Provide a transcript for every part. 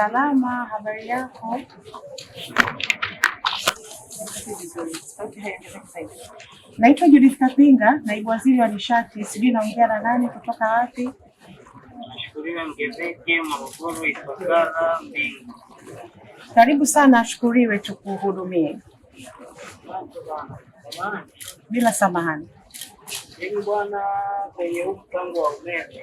Salama, habari yako? Naitwa Judith Kapinga, naibu waziri wa nishati. Sijui naongea na nani, kutoka wapi? Karibu sana, ashukuriwe, tukuhudumie bila samahani. Bwana, kwenye mpango wa umeme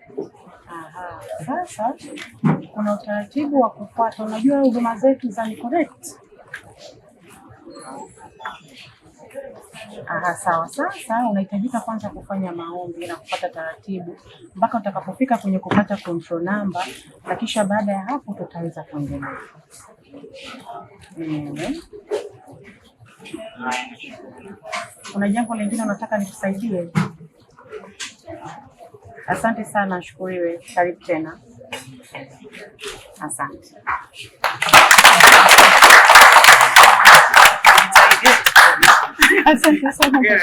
Sasa kuna utaratibu wa kupata, unajua huduma zetu za NiConnect. Aha, sawa. Sasa unahitajika kwanza kufanya maombi na kupata taratibu mpaka utakapofika kwenye kupata control number, na kisha baada ya hapo tutaweza kuendelea. Mm. Kuna jambo lingine unataka nikusaidie? Asante sana, ashukuriwe. Karibu tena, asante. Asante sana.